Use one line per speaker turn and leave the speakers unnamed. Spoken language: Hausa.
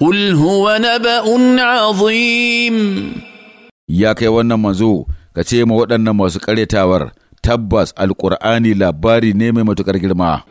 قل na نبأ عظيم
Ya kai wannan manzo ka ce ma waɗannan masu ƙaryatawar tabbas alƙur'ani labari ne mai
matuƙar girma